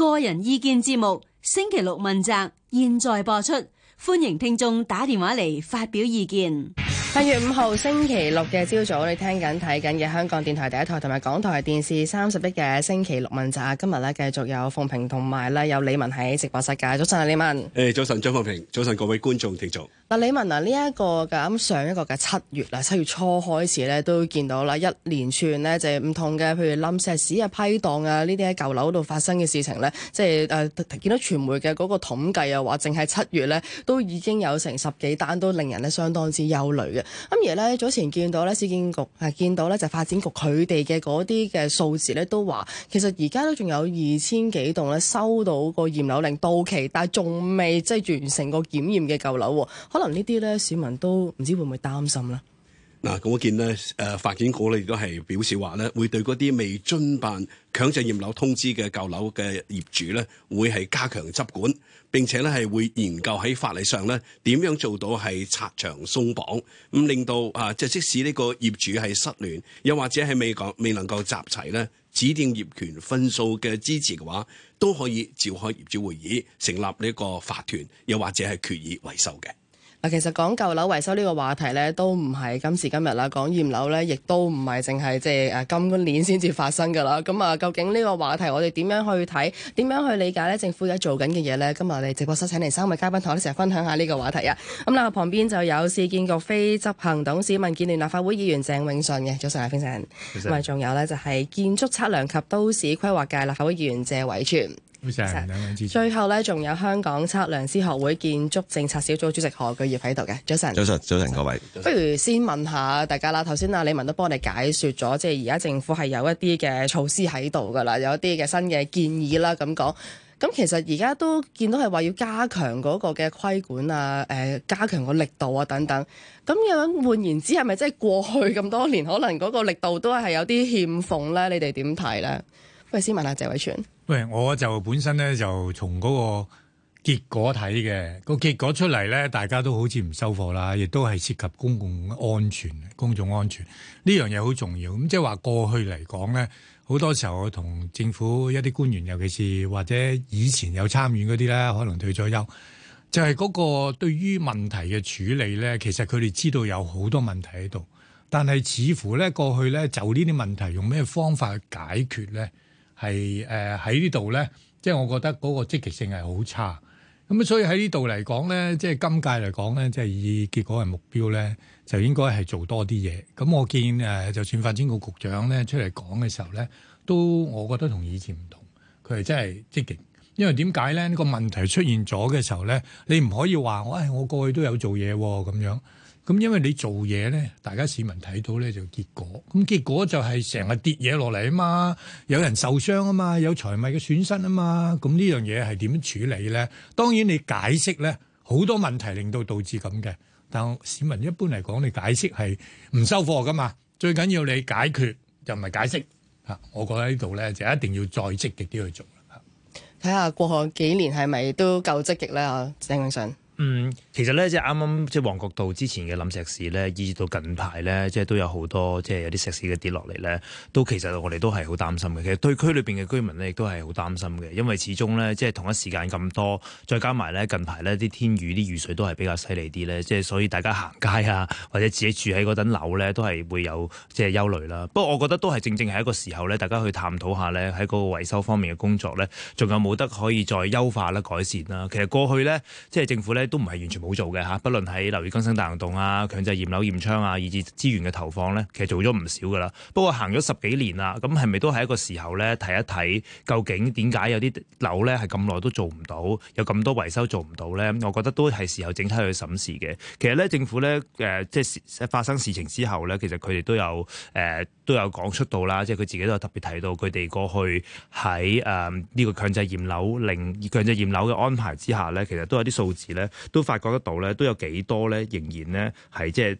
個人意見節目星期六問責，現在播出，歡迎聽眾打電話嚟發表意見。八月五號星期六嘅朝早，你聽緊睇緊嘅香港電台第一台同埋港台電視三十一嘅星期六問責，今日咧繼續有鳳平同埋咧有李文喺直播室。早晨啊，李文。誒，早晨，張鳳平。早晨，各位觀眾聽眾。嗱，李文嗱、啊，呢、這、一個嘅啱上一個嘅七月啊，七月初開始咧都見到啦，一連串呢，就係唔同嘅，譬如冧石屎啊、批盪啊呢啲喺舊樓度發生嘅事情咧，即係誒、呃、見到傳媒嘅嗰個統計啊，話淨係七月咧都已經有成十幾單都令人咧相當之憂慮嘅。咁而咧早前見到咧市建局誒、啊、見到咧就發展局佢哋嘅嗰啲嘅數字咧都話，其實而家都仲有二千幾棟咧收到個驗樓令到期，但係仲未即係完成個檢驗嘅舊樓喎。可能呢啲咧，市民都唔知會唔會擔心啦。嗱、啊，咁我見咧誒、呃，法檢局咧亦都係表示話咧，會對嗰啲未遵辦強制驗樓通知嘅舊樓嘅業主咧，會係加強執管，並且咧係會研究喺法例上咧點樣做到係拆牆鬆綁，咁令到啊，即即使呢個業主係失聯，又或者係未講未能夠集齊咧指定業權分數嘅支持嘅話，都可以召開業主會議成立呢個法團，又或者係決議維修嘅。嗱，其實講舊樓維修呢個話題咧，都唔係今時今日啦。講驗樓咧，亦都唔係淨係即係誒今年先至發生㗎啦。咁、嗯、啊，究竟呢個話題我哋點樣去睇，點樣去理解咧？政府而家做緊嘅嘢咧？今日我哋直播室請嚟三位嘉賓同我一齊分享下呢個話題啊。咁、嗯、啊，旁邊就有市建局非執行董事、民建聯立法會議員鄭泳舜嘅，早晨啊，先生。唔係 Vincent.，仲有咧就係、是、建築測量及都市規劃界立法會議員謝偉銓。 最後咧，仲有香港測量師學會建築政策小組主席何鉅業喺度嘅。早晨，早晨，早晨，各位，不如先問下大家啦。頭先阿李文都幫我哋解説咗，即係而家政府係有一啲嘅措施喺度噶啦，有一啲嘅新嘅建議啦，咁講。咁其實而家都見到係話要加強嗰個嘅規管啊，誒，加強個力度啊，等等。咁樣換言之，係咪即係過去咁多年，可能嗰個力度都係有啲欠奉咧？你哋點睇咧？不如先問下謝偉銓。喂，我就本身咧就從嗰個結果睇嘅，個結果出嚟咧，大家都好似唔收貨啦，亦都係涉及公共安全、公眾安全呢樣嘢好重要。咁即係話過去嚟講咧，好多時候我同政府一啲官員，尤其是或者以前有參與嗰啲咧，可能退咗休，就係嗰個對於問題嘅處理咧，其實佢哋知道有好多問題喺度，但係似乎咧過去咧就呢啲問題用咩方法去解決咧？係誒，喺呢度咧，即係我覺得嗰個積極性係好差，咁所以喺呢度嚟講咧，即係今屆嚟講咧，即係以結果為目標咧，就應該係做多啲嘢。咁我見誒、呃，就算發展局局長咧出嚟講嘅時候咧，都我覺得同以前唔同，佢係真係積極。因為點解咧？呢個問題出現咗嘅時候咧，你唔可以話我誒，我過去都有做嘢喎咁樣。咁因為你做嘢咧，大家市民睇到咧就結果，咁結果就係成日跌嘢落嚟啊嘛，有人受傷啊嘛，有財物嘅損失啊嘛，咁呢樣嘢係點處理咧？當然你解釋咧，好多問題令到導致咁嘅，但市民一般嚟講，你解釋係唔收貨噶嘛，最緊要你解決，就唔係解釋嚇。我覺得呢度咧就一定要再積極啲去做啦嚇。睇下過去幾年係咪都夠積極咧啊，鄭泳舜。嗯，其實咧，即係啱啱即係旺角道之前嘅冧石屎咧，以至到近排咧，即係都有好多即係有啲石屎嘅跌落嚟咧，都其實我哋都係好擔心嘅。其實對區裏邊嘅居民咧，亦都係好擔心嘅，因為始終咧，即係同一時間咁多，再加埋咧近排呢啲天雨啲雨水都係比較犀利啲咧，即係所以大家行街啊，或者自己住喺嗰棟樓咧，都係會有即係憂慮啦。不過我覺得都係正正係一個時候咧，大家去探討下咧喺嗰個維修方面嘅工作咧，仲有冇得可，可以再優化啦、改善啦。其實過去咧，即係政府咧。都唔係完全冇做嘅嚇，不論喺樓宇更新大行動啊、強制驗樓驗窗啊，以至資源嘅投放咧，其實做咗唔少噶啦。不過行咗十幾年啦，咁係咪都係一個時候咧？睇一睇究竟點解有啲樓咧係咁耐都做唔到，有咁多維修做唔到咧？我覺得都係時候整體去審視嘅。其實咧，政府咧，誒、呃，即係發生事情之後咧，其實佢哋都有誒、呃、都有講出到啦，即係佢自己都有特別提到佢哋過去喺誒呢個強制驗樓、強制驗樓嘅安排之下咧，其實都有啲數字咧。都發覺得到咧，都有幾多咧，仍然呢，係即係，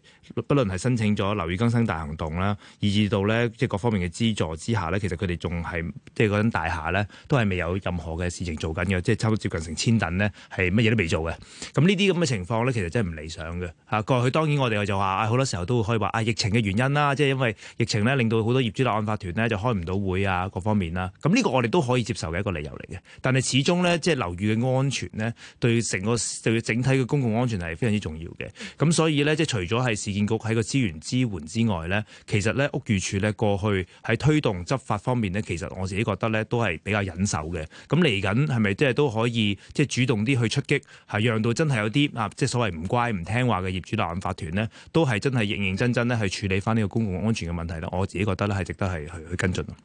不論係申請咗樓宇更新大行動啦，以至到咧即係各方面嘅資助之下呢，其實佢哋仲係即係嗰間大廈咧，都係未有任何嘅事情做緊嘅，即係差唔多接近成千等呢，係乜嘢都未做嘅。咁呢啲咁嘅情況呢，其實真係唔理想嘅。過去當然我哋就話啊，好多時候都可以話啊，疫情嘅原因啦，即係因為疫情呢，令到好多業主立案法團呢，就開唔到會啊，各方面啦。咁呢個我哋都可以接受嘅一個理由嚟嘅。但係始終呢，即係樓宇嘅安全呢，對成個對整體嘅公共安全係非常之重要嘅，咁所以咧，即係除咗係市建局喺個資源支援之外咧，其實咧屋宇署咧過去喺推動執法方面咧，其實我自己覺得咧都係比較忍受嘅。咁嚟緊係咪即係都可以即係主動啲去出擊，係讓到真係有啲啊，即係所謂唔乖唔聽話嘅業主立案法團咧，都係真係認認真真咧去處理翻呢個公共安全嘅問題咧。我自己覺得咧係值得係去跟進咯。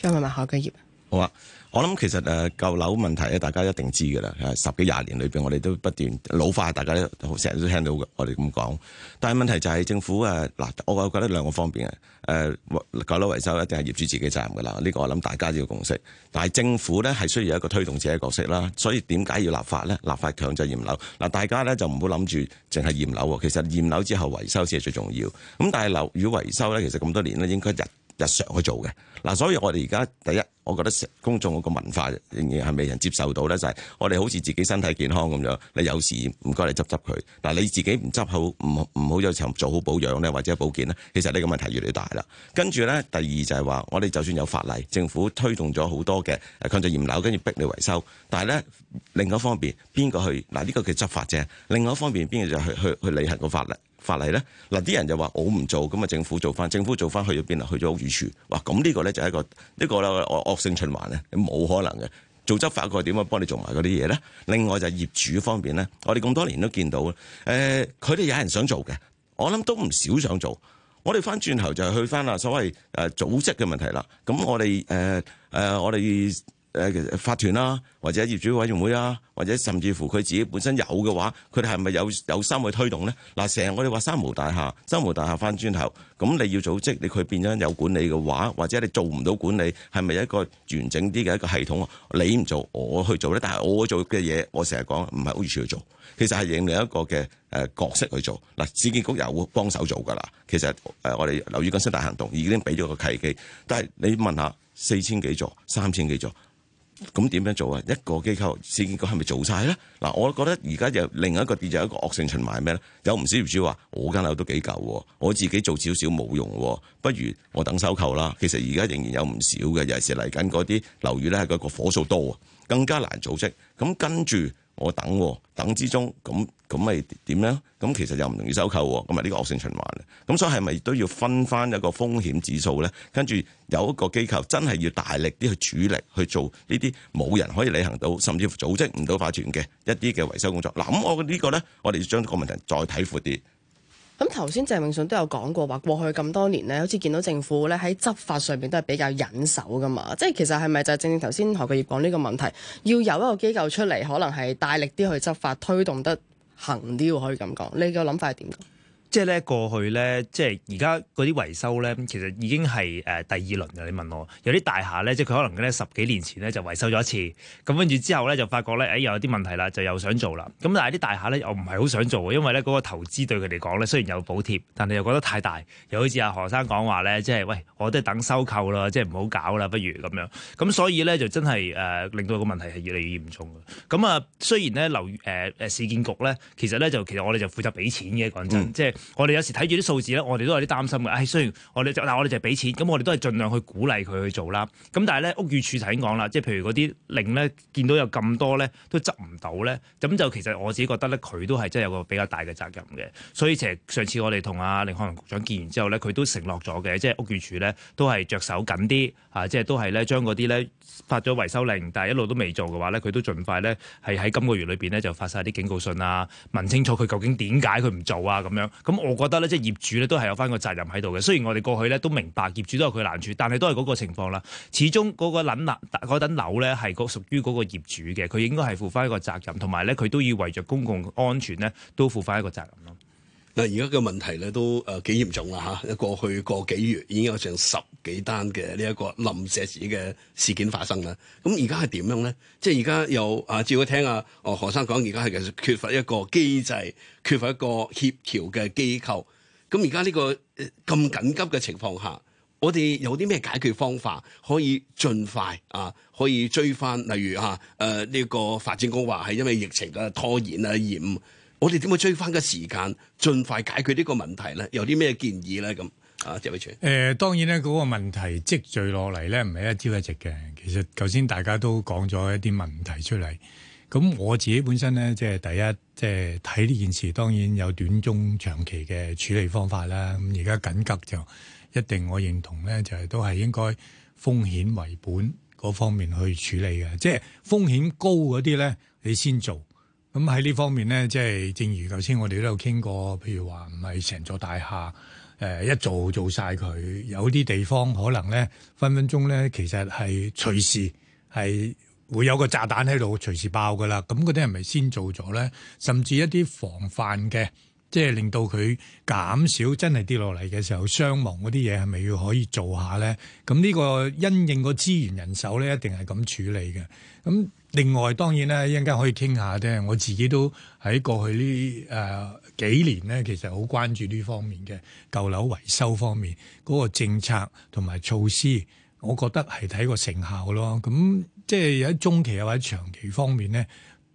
跟翻下個業。好啊！我諗其實誒，舊樓問題咧，大家一定知噶啦。十幾廿年裏邊，我哋都不斷老化，大家都成日都聽到我哋咁講。但係問題就係政府誒，嗱，我話覺得兩個方面嘅。誒、呃，舊樓維修一定係業主自己責任噶啦，呢、呢個我諗大家都要共識。但係政府咧係需要一個推動者嘅角色啦。所以點解要立法咧？立法強制驗樓。嗱，大家咧就唔好諗住淨係驗樓喎。其實驗樓之後維修先係最重要。咁但係樓宇維修咧，其實咁多年咧，應該日。日常去做嘅嗱，所以我哋而家第一，我覺得公眾嗰個文化仍然係未人接受到呢，就係我哋好似自己身體健康咁樣，你有事唔該你執執佢，嗱，你自己唔執好，唔唔好有場做好保養呢，或者保健呢。其實呢個問題越嚟越大啦。跟住呢，第二就係話，我哋就算有法例，政府推動咗好多嘅誒強制驗樓，跟住逼你維修，但係呢，另外一方面，邊個去嗱呢個叫執法啫？另外一方面，邊個就去去去，去履行個法例？法例咧，嗱啲人就話我唔做，咁啊政府做翻，政府做翻去咗邊啊？去咗屋宇署，哇！咁呢個咧就係一個呢、這個咧惡惡性循環咧，冇可能嘅。做執法個點啊，幫你做埋嗰啲嘢咧。另外就係業主方面咧，我哋咁多年都見到，誒、呃，佢哋有人想做嘅，我諗都唔少想做。我哋翻轉頭就去翻啦，所謂誒組織嘅問題啦。咁我哋誒誒，我哋。誒法團啦，或者業主委員會啊，或者甚至乎佢自己本身有嘅話，佢哋係咪有有心去推動咧？嗱，成日我哋話三無大廈，三無大廈翻轉頭，咁你要組織，你佢變咗有管理嘅話，或者你做唔到管理，係咪一個完整啲嘅一個系統？你唔做，我去做咧。但係我做嘅嘢，我成日講唔係好易處去做，其實係另另一個嘅誒角色去做。嗱，市建局又會幫手做㗎啦。其實誒，我哋樓宇更新大行動已經俾咗個契機，但係你問下四千幾座、三千幾座。咁點樣，樣做啊？一個機構先講係咪做晒咧？嗱、啊，我覺得而家有另一個跌，就一個惡性循環咩咧？有唔少業主話，我間樓都幾舊喎，我自己做少少冇用喎，不如我等收購啦。其實而家仍然有唔少嘅，尤其是嚟緊嗰啲樓宇咧，嗰個火數多，更加難組織。咁跟住。我等等之中，咁咁咪點咧？咁其實又唔容易收購，咁咪呢個惡性循環。咁所以係咪都要分翻一個風險指數咧？跟住有一個機構真係要大力啲去主力去做呢啲冇人可以履行到，甚至組織唔到法團嘅一啲嘅維修工作。咁我呢個咧，我哋要將個問題再睇闊啲。咁頭先鄭泳舜都有講過話，過去咁多年咧，好似見到政府咧喺執法上面都係比較忍手噶嘛，即係其實係咪就係正正頭先何鉅業講呢個問題，要有一個機構出嚟，可能係大力啲去執法，推動得行啲喎，可以咁講，你嘅諗法係點？即係咧過去咧，即係而家嗰啲維修咧，其實已經係誒第二輪嘅。你問我，有啲大廈咧，即係佢可能咧十幾年前咧就維修咗一次，咁跟住之後咧就發覺咧，誒、哎、又有啲問題啦，就又想做啦。咁但係啲大廈咧又唔係好想做，因為咧嗰個投資對佢嚟講咧，雖然有補貼，但係又覺得太大，又好似阿何生講話咧，即係喂，我都係等收購啦，即係唔好搞啦，不如咁樣。咁所以咧就真係誒、呃、令到個問題係越嚟越嚴重嘅。咁啊，雖然咧留誒誒市建局咧，其實咧就其實我哋就負責俾錢嘅講真，即係。我哋有時睇住啲數字咧，我哋都有啲擔心嘅。唉、哎，雖然我哋就，但係我哋就係俾錢，咁我哋都係盡量去鼓勵佢去做啦。咁但係咧，屋宇署就已經講啦，即係譬如嗰啲令咧，見到有咁多咧，都執唔到咧，咁就其實我自己覺得咧，佢都係真係有個比較大嘅責任嘅。所以其實上次我哋同阿甯漢豪局長見完之後咧，佢都承諾咗嘅，即係屋宇署咧都係着手緊啲，啊，即係都係咧，將嗰啲咧發咗維修令，但係一路都未做嘅話咧，佢都盡快咧係喺今個月裏邊咧就發晒啲警告信啊，問清楚佢究竟點解佢唔做啊咁樣。咁、嗯、我覺得咧，即係業主咧都係有翻個責任喺度嘅。雖然我哋過去咧都明白業主都有佢難處，但係都係嗰個情況啦。始終嗰個樓嗰層樓咧係屬屬於嗰個業主嘅，佢應該係負翻一個責任，同埋咧佢都要為着公共安全咧都負翻一個責任咯。嗱，而家嘅問題咧都誒幾嚴重啦嚇！過去個幾月已經有成十幾單嘅呢一個冧石屎嘅事件發生啦。咁而家係點樣咧？即係而家又啊，照我聽啊，哦何生講而家係其實缺乏一個機制，缺乏一個協調嘅機構。咁而家呢個咁緊急嘅情況下，我哋有啲咩解決方法可以盡快啊？可以追翻，例如啊，誒、呃、呢、這個發展局話係因為疫情啊拖延啊而唔。我哋點樣追翻個時間，盡快解決呢個問題咧？有啲咩建議咧？咁啊，謝偉銓。誒、呃，當然咧，嗰、那個問題積聚落嚟咧，唔係一朝一夕嘅。其實頭先大家都講咗一啲問題出嚟。咁我自己本身咧，即係第一，即係睇呢件事，當然有短中長期嘅處理方法啦。咁而家緊急就一定我認同咧，就係都係應該風險為本嗰方面去處理嘅。即係風險高嗰啲咧，你先做。咁喺呢方面咧，即係正如頭先我哋都有傾過，譬如話唔係成座大廈，誒，呃，一做做晒佢，有啲地方可能咧，分分鐘咧，其實係隨時係會有個炸彈喺度隨時爆噶啦。咁嗰啲係咪先做咗咧？甚至一啲防範嘅，即係令到佢減少真係跌落嚟嘅時候傷亡嗰啲嘢，係咪要可以做下咧？咁呢個因應個資源人手咧，一定係咁處理嘅。咁另外當然咧，一陣間可以傾下啫。我自己都喺過去呢誒、呃、幾年咧，其實好關注呢方面嘅舊樓維修方面嗰、嗰個政策同埋措施，我覺得係睇個成效咯。咁、嗯、即係喺中期或者長期方面咧，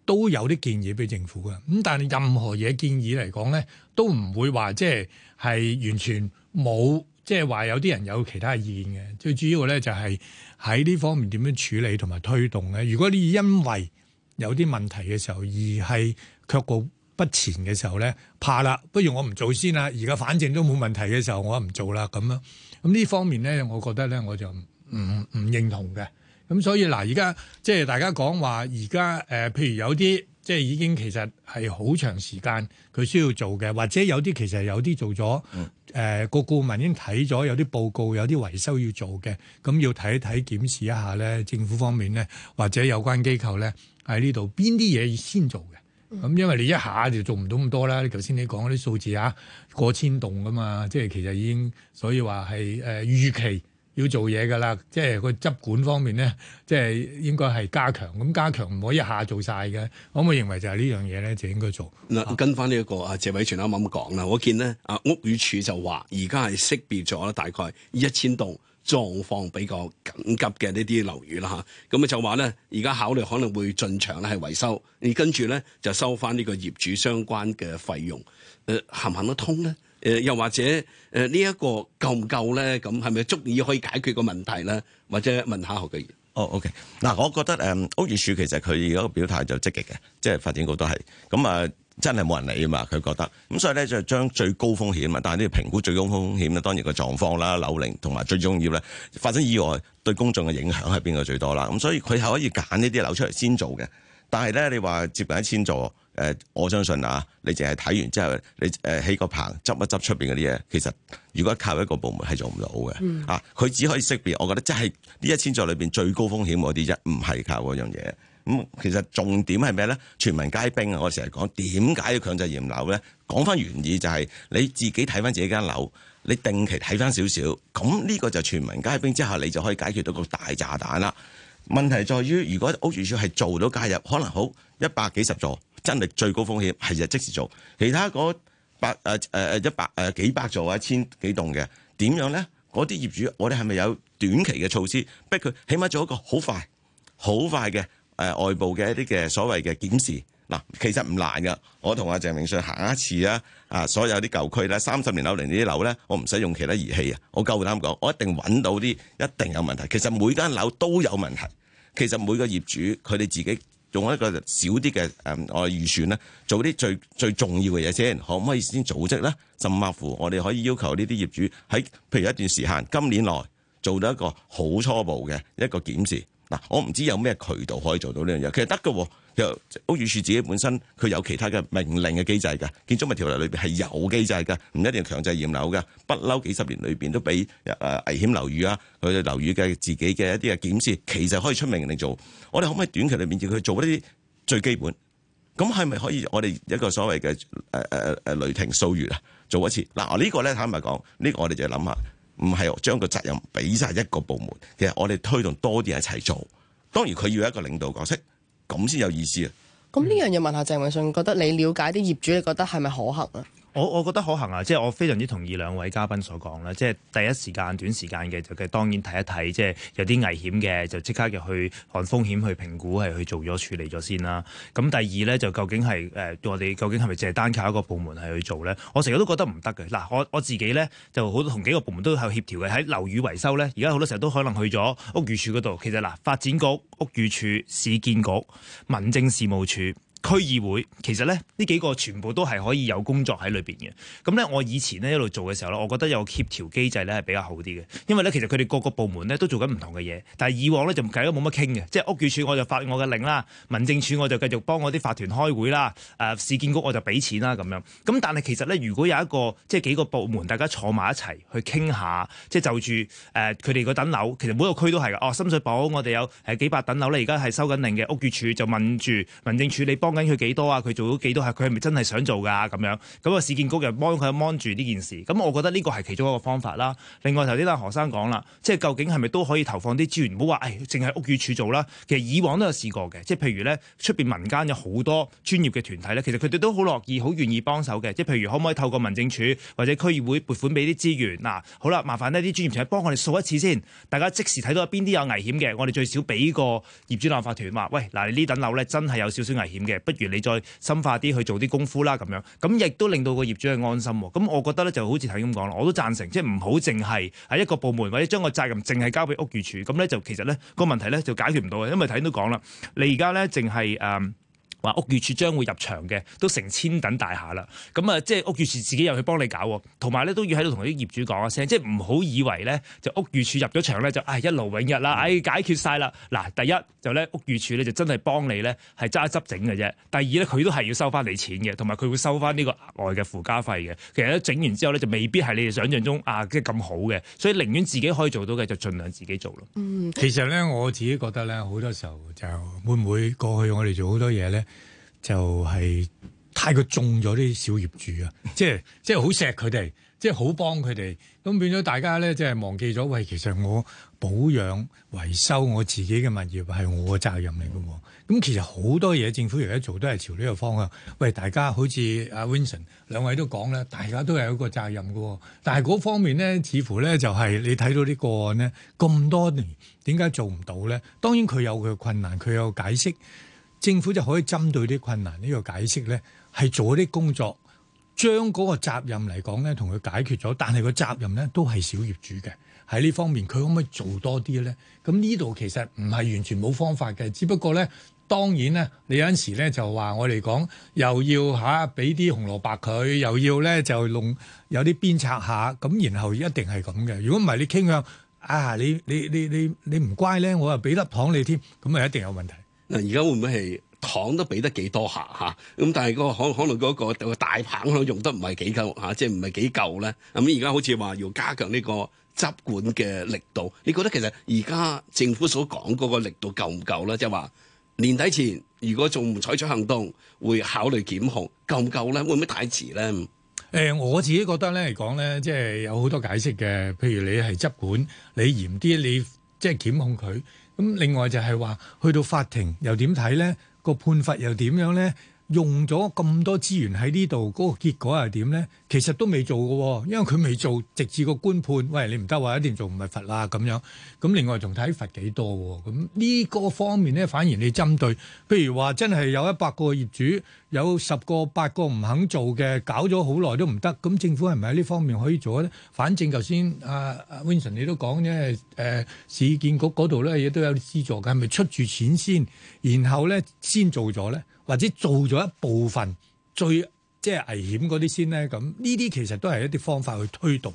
都有啲建議俾政府㗎。咁但係任何嘢建議嚟講咧，都唔會話即係係完全冇。即係話有啲人有其他意見嘅，最主要咧就係喺呢方面點樣處理同埋推動咧。如果你因為有啲問題嘅時候而係卻步不前嘅時候咧，怕啦，不如我唔做先啦。而家反正都冇問題嘅時候，我唔做啦咁樣。咁呢方面咧，我覺得咧，我就唔唔認同嘅。咁所以嗱，而家即係大家講話而家誒，譬如有啲。即係已經其實係好長時間佢需要做嘅，或者有啲其實有啲做咗，誒、嗯呃、個顧問已經睇咗有啲報告，有啲維修要做嘅，咁要睇一睇檢視一下咧，政府方面咧或者有關機構咧喺呢度邊啲嘢先做嘅，咁、嗯、因為你一下就做唔到咁多啦。你頭先你講嗰啲數字嚇過千棟噶嘛，即係其實已經所以話係誒預期。要做嘢㗎啦，即係個執管方面咧，即係應該係加強。咁加強唔可以一下做晒嘅，可唔可以認為就係呢樣嘢咧就應該做？嗱、這個，跟翻呢一個啊謝偉銓啱啱講啦，我見咧啊屋宇署就話而家係識別咗大概一千棟狀況比較緊急嘅呢啲樓宇啦嚇，咁啊就話咧而家考慮可能會進場咧係維修，而跟住咧就收翻呢個業主相關嘅費用。誒、呃，行唔行得通咧？誒又或者誒、這個、呢一個夠唔夠咧？咁係咪足以可以解決個問題咧？或者問下何鉅業。哦，OK、啊。嗱，我覺得誒屋宇署其實佢而家個表態就積極嘅，即係發展局都係。咁、嗯、啊，真係冇人理啊嘛。佢覺得咁、嗯，所以咧就將最高風險啊嘛。但係呢評估最高風險咧，當然個狀況啦、樓齡同埋最重要咧，發生意外對公眾嘅影響係邊個最多啦。咁、嗯、所以佢係可以揀呢啲樓出嚟先做嘅。但係咧，你話接近一千座。誒、呃，我相信啊，你淨係睇完之後，你誒、呃、起個棚，執一執出邊嗰啲嘢，其實如果靠一個部門係做唔到嘅，嗯、啊，佢只可以識別。我覺得真係呢一千座裏邊最高風險嗰啲啫，唔係靠嗰樣嘢。咁、嗯、其實重點係咩咧？全民皆兵啊！我成日講，點解要強制驗樓咧？講翻原意就係、是、你自己睇翻自己間樓，你定期睇翻少少，咁呢個就全民皆兵之後，你就可以解決到個大炸彈啦。問題在於，如果屋宇署係做到介入，可能好一百幾十座。真係最高風險係日即時做，其他嗰百誒誒誒一百誒、呃、幾百座啊一千幾棟嘅點樣咧？嗰啲業主我哋係咪有短期嘅措施逼佢？起碼做一個好快、好快嘅誒、呃、外部嘅一啲嘅所謂嘅檢視嗱，其實唔難噶。我同阿鄭泳舜行一次啊！啊，所有啲舊區咧、三十年樓齡啲樓咧，我唔使用，用其他儀器啊，我夠膽講，我一定揾到啲一,一定有問題。其實每間樓都有問題，其實每個業主佢哋自己。用一個少啲嘅誒，我預算咧做啲最最重要嘅嘢先，可唔可以先組織咧？甚至乎，我哋可以要求呢啲業主喺譬如一段時間今年內做到一個好初步嘅一個檢視嗱，我唔知有咩渠道可以做到呢樣嘢，其實得㗎喎。又屋宇署自己本身佢有其他嘅命令嘅機制嘅，建築物條例裏邊係有機制嘅，唔一定要強制驗樓嘅，不嬲幾十年裏邊都俾誒危險樓宇啊，佢嘅樓宇嘅自己嘅一啲嘅檢視，其實可以出命令做。我哋可唔可以短期裏面叫佢做一啲最基本？咁係咪可以我哋一個所謂嘅誒誒誒雷霆掃穴啊？做一次嗱，呃呢個、呢個咧坦白講，呢、呢個、我哋就諗下，唔係將個責任俾晒一個部門，其實我哋推動多啲人一齊做，當然佢要一個領導角色。咁先有意思啊！咁呢樣嘢問下鄭泳舜，覺得你了解啲業主，你覺得係咪可行啊？我我覺得可行啊！即係我非常之同意兩位嘉賓所講啦，即係第一時間短時間嘅就嘅當然睇一睇，即係有啲危險嘅就即刻入去按風險去評估係去做咗處理咗先啦。咁第二咧就究竟係誒、呃、我哋究竟係咪淨係單靠一個部門係去做咧？我成日都覺得唔得嘅嗱，我我自己咧就好同幾個部門都有協調嘅喺樓宇維修咧。而家好多時候都可能去咗屋宇署嗰度，其實嗱發展局、屋宇署、市建局、民政事務處。區議會其實咧，呢幾個全部都係可以有工作喺裏邊嘅。咁咧，我以前呢一路做嘅時候咧，我覺得有協調機制咧係比較好啲嘅，因為咧其實佢哋各個部門咧都做緊唔同嘅嘢，但係以往咧就大家冇乜傾嘅，即係屋宇處我就發我嘅令啦，民政處我就繼續幫我啲法團開會啦，誒市建局我就俾錢啦咁樣。咁但係其實咧，如果有一個即係幾個部門大家坐埋一齊去傾下，即係就住誒佢哋個等樓，其實每個區都係嘅。哦，深水埗我哋有係幾百等樓咧，而家係收緊令嘅屋宇處就問住民政處你幫。跟佢幾多啊？佢做咗幾多係佢係咪真係想做㗎？咁樣咁啊？市建局又幫佢幫住呢件事，咁我覺得呢個係其中一個方法啦。另外頭先阿何生講啦，即係究竟係咪都可以投放啲資源？唔好話誒，淨、哎、係屋宇署做啦。其實以往都有試過嘅，即係譬如呢，出邊民間有好多專業嘅團體呢，其實佢哋都好樂意、好願意幫手嘅。即係譬如可唔可以透過民政處或者區議會撥款俾啲資源？嗱，好啦，麻煩呢啲專業團幫我哋掃一次先。大家即時睇到邊啲有危險嘅，我哋最少俾個業主立法團話，喂，嗱，呢等樓咧真係有少少危險嘅。不如你再深化啲去做啲功夫啦，咁樣咁亦都令到個業主係安心。咁我覺得咧就好似頭先咁講啦，我都贊成，即係唔好淨係喺一個部門或者將個責任淨係交俾屋宇署。咁咧就其實咧個問題咧就解決唔到嘅，因為頭先都講啦，你而家咧淨係誒。話屋宇處將會入場嘅，都成千等大廈啦。咁、嗯、啊，即係屋宇處自己又去幫你搞，同埋咧都要喺度同啲業主講一聲，即係唔好以為咧就屋宇處入咗場咧就唉、哎、一勞永逸啦，唉、哎、解決晒啦。嗱，第一就咧屋宇處咧就真係幫你咧係執一執整嘅啫。第二咧佢都係要收翻你錢嘅，同埋佢會收翻呢個額外嘅附加費嘅。其實咧整完之後咧就未必係你哋想象中啊即係咁好嘅，所以寧願自己可以做到嘅就儘量自己做咯。嗯、其實咧我自己覺得咧好多時候就會唔會過去我哋做好多嘢咧？就係太過縱咗啲小業主啊，即係即係好錫佢哋，即係好幫佢哋，咁變咗大家咧，即係忘記咗。喂，其實我保養維修我自己嘅物業係我嘅責任嚟嘅喎。咁。嗯。其實好多嘢政府而家做都係朝呢個方向。喂，大家好似阿 Vincent 兩位都講咧，大家都係有一個責任嘅喎。但係嗰方面咧，似乎咧就係你睇到啲個案咧咁多年，點解做唔到咧？當然佢有佢困難，佢有解釋。政府就可以針對啲困難呢個解釋咧，係做啲工作，將嗰個責任嚟講咧，同佢解決咗。但係個責任咧都係小業主嘅，喺呢方面，佢可唔可以做多啲咧？咁呢度其實唔係完全冇方法嘅，只不過咧，當然咧，你有陣時咧就話我哋講又要嚇俾啲紅蘿蔔佢，又要咧、啊、就弄有啲鞭策下，咁然後一定係咁嘅。如果唔係你傾向啊，你你你你你唔乖咧，我又俾粒糖你添，咁啊一定有問題。嗱，而家會唔會係糖都俾得幾多下嚇？咁、啊、但係嗰個可可能嗰個大棒用得唔係幾夠嚇，即係唔係幾夠咧？咁而家好似話要加強呢個執管嘅力度，你覺得其實而家政府所講嗰個力度夠唔夠咧？即係話年底前如果仲唔採取行動，會考慮檢控夠唔夠咧？會唔會太遲咧？誒、欸，我自己覺得咧嚟講咧，即係、就是、有好多解釋嘅。譬如你係執管，你嚴啲，你即係、就是、檢控佢。咁另外就係話，去到法庭又點睇咧？個判罰又點樣咧？用咗咁多資源喺呢度，嗰個結果係點咧？其實都未做嘅，因為佢未做，直至個官判。喂，你唔得話，一定做，唔係罰啦咁樣。咁另外仲睇罰幾多喎？咁呢個方面咧，反而你針對，譬如話真係有一百個業主，有十個八個唔肯做嘅，搞咗好耐都唔得。咁政府係咪喺呢方面可以做咧？反正頭先阿阿 Vincent 你都講啫，誒市建局嗰度咧，亦都有啲資助嘅，係咪出住錢先，然後咧先做咗咧？或者做咗一部分最即係危險啲先咧，咁呢啲其實都係一啲方法去推動。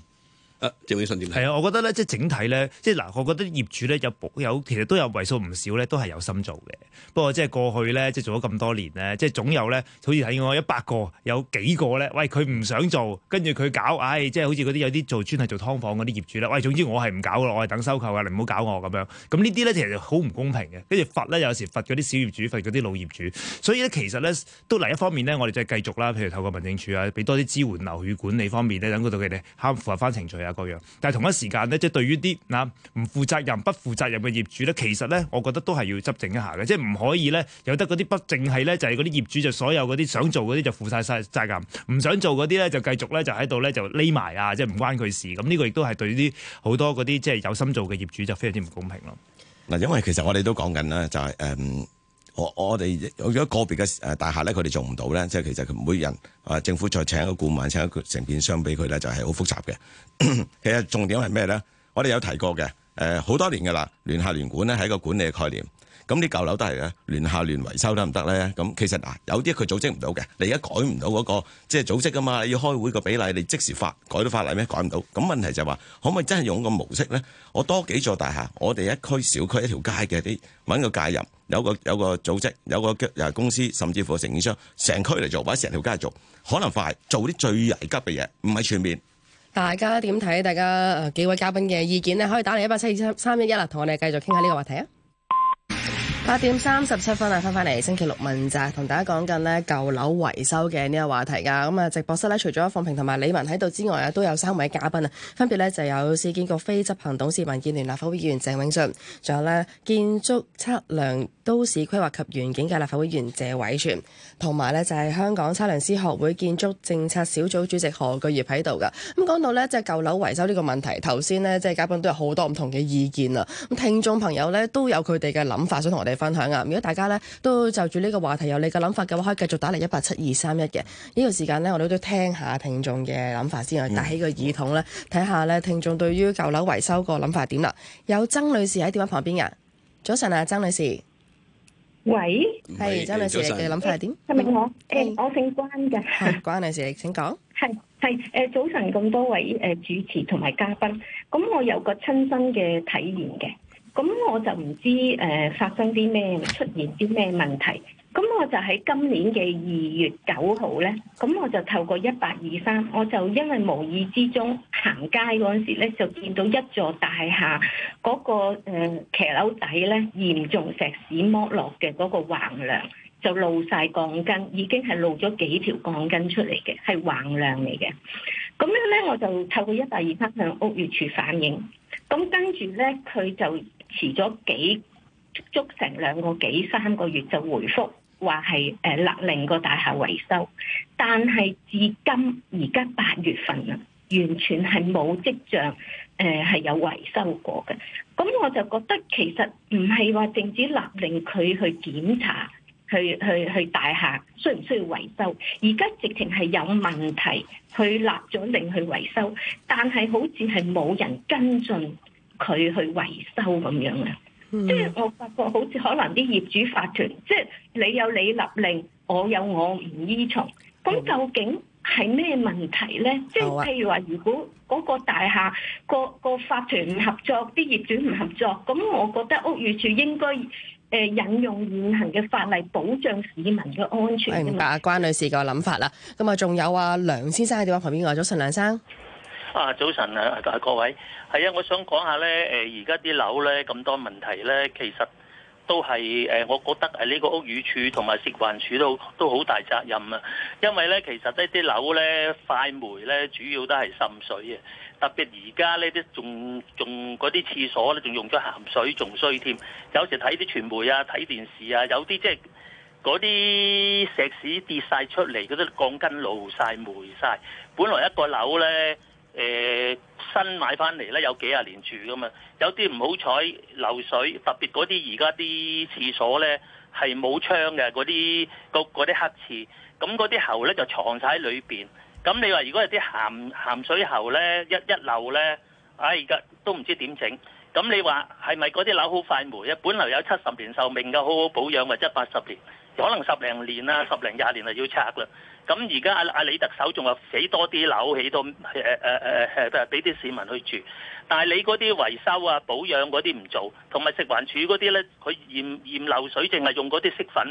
誒，鄭泳舜點咧？啊，我覺得咧，即係整體咧，即係嗱，我覺得業主咧有有，其實都有為數唔少咧，都係有心做嘅。不過即係過去咧，即係做咗咁多年咧，即係總有咧，好似睇我一百個有幾個咧，喂，佢唔想做，跟住佢搞，唉、哎，即係好似嗰啲有啲做專係做劏房嗰啲業主咧，喂，總之我係唔搞㗎，我係等收購㗎，你唔好搞我咁樣。咁呢啲咧其實好唔公平嘅，跟住罰咧有時罰嗰啲小業主，罰嗰啲老業主，所以咧其實咧都嚟一方面咧，我哋就係繼續啦，譬如透過民政處啊，俾多啲支援樓宇管理方面咧，等嗰度佢哋啱符合翻程序啊。樣，但係同一時間咧，即係對於啲嗱，唔負責任、不負責任嘅業主咧，其實咧，我覺得都係要執正一下嘅，即係唔可以咧有得嗰啲不淨係咧，就係嗰啲業主就所有嗰啲想做嗰啲就負晒晒責任，唔想做嗰啲咧就繼續咧就喺度咧就匿埋啊，即係唔關佢事。咁呢個亦都係對啲好多嗰啲即係有心做嘅業主就非常之唔公平咯。嗱，因為其實我哋都講緊啦。就係，誒。我我哋如果個別嘅大廈咧，佢哋做唔到咧，即係其實佢每人啊，政府再請一個顧問，請一個承建商俾佢咧，就係、是、好複雜嘅。 其實重點係咩咧？我哋有提過嘅，誒、呃、好多年嘅啦，聯合聯管咧係一個管理嘅概念。咁啲舊樓都係啊，亂下亂維修得唔得咧？咁其實嗱，有啲佢組織唔到嘅，你而家改唔到嗰個即係組織噶嘛？你要開會個比例，你即時法改到法例咩？改唔到。咁問題就係話，可唔可以真係用個模式咧？我多幾座大廈，我哋一區小區一條街嘅啲揾個介入，有個有個組織，有個又係公司，甚至乎承建商成區嚟做或者成條街做，可能快做啲最危急嘅嘢，唔係全面。大家點睇？大家幾位嘉賓嘅意見咧？可以打嚟一八七二三一一啦，同我哋繼續傾下呢個話題啊！八點三十七分啊，翻返嚟星期六問責，同大家講緊呢舊樓維修嘅呢個話題㗎。咁啊，直播室呢，除咗放平同埋李文喺度之外啊，都有三位嘉賓啊，分別呢就有市建局非執行董事、民建聯立法會議員鄭泳舜，仲有呢建築測量都市規劃及園境嘅立法會議員謝偉銓，同埋呢就係香港測量師學會建築政策小組主席何鉅業喺度㗎。咁講到呢，即係舊樓維修呢個問題，頭先呢，即係嘉賓都有好多唔同嘅意見啊。咁聽眾朋友呢，都有佢哋嘅諗法，想同我哋分享啊！如果大家咧都就住呢個話題有你嘅諗法嘅話，可以繼續打嚟，一八七二三一嘅呢個時間咧，我哋都聽下聽眾嘅諗法先啊！戴起個耳筒咧，睇下咧聽眾對於舊樓維修個諗法點啦。有曾女士喺電話旁邊嘅，早晨啊，曾女士，喂，係曾女士嘅諗法係點？係咪我？誒、欸欸，我姓關嘅，關女士，請講。係係誒，早晨咁多位誒主持同埋嘉賓，咁我有個親身嘅體驗嘅。咁我就唔知誒、呃、發生啲咩出現啲咩問題，咁我就喺今年嘅二月九號咧，咁我就透過一八二三，我就因為無意之中行街嗰陣時咧，就見到一座大廈嗰、那個誒、呃、騎樓底咧嚴重石屎剝落嘅嗰個橫梁就露晒鋼筋，已經係露咗幾條鋼筋出嚟嘅，係橫梁嚟嘅。咁樣咧，我就透過一八二三向屋宇署反映，咁跟住咧佢就。遲咗幾足足成兩個幾三個月就回覆，話係誒勒令個大廈維修，但係至今而家八月份啦，完全係冇跡象誒係有維修過嘅。咁我就覺得其實唔係話淨止勒令佢去檢查，去去去大廈需唔需要維修，而家直情係有問題，佢勒咗令去維修，但係好似係冇人跟進。佢去維修咁樣嘅，即係、嗯、我發覺好似可能啲業主法團，即、就、係、是、你有你立令，我有我唔依從。咁究竟係咩問題咧？即係、嗯、譬如話，如果嗰個大廈、那個、那個法團唔合作，啲業主唔合作，咁我覺得屋宇署應該誒、呃、引用現行嘅法例保障市民嘅安全㗎嘛。明白阿關女士嘅諗法啦。咁啊，仲有啊梁先生喺電話旁邊嘅，早晨梁生。啊，早晨啊，各位，係啊，我想講下咧，誒、呃，而家啲樓咧咁多問題咧，其實都係誒、呃，我覺得誒呢個屋宇署同埋食環署都都好大責任啊，因為咧其實呢啲樓咧快霉咧，主要都係滲水啊，特別而家呢啲仲仲嗰啲廁所咧仲用咗鹹水，仲衰添。有時睇啲傳媒啊，睇電視啊，有啲即係嗰啲石屎跌晒出嚟，嗰啲鋼筋露晒霉晒，本來一個樓咧。誒新買翻嚟咧，有幾廿年住㗎嘛，有啲唔好彩漏水，特別嗰啲而家啲廁所咧係冇窗嘅嗰啲嗰啲黑廁，咁嗰啲喉咧就藏晒喺裏邊。咁你話如果係啲鹹鹹水喉咧一一漏咧，唉、哎，而家都唔知點整。咁你話係咪嗰啲樓好快霉？啊？本來有七十年壽命嘅，好好保養或者八十年。可能十零年啦，十零廿年就要拆啦。咁而家阿阿李特首仲話起多啲樓起多誒誒誒，誒誒，俾、呃、啲、呃、市民去住。但係你嗰啲維修啊、保養嗰啲唔做，同埋食環署嗰啲咧，佢驗驗漏水淨係用嗰啲色粉。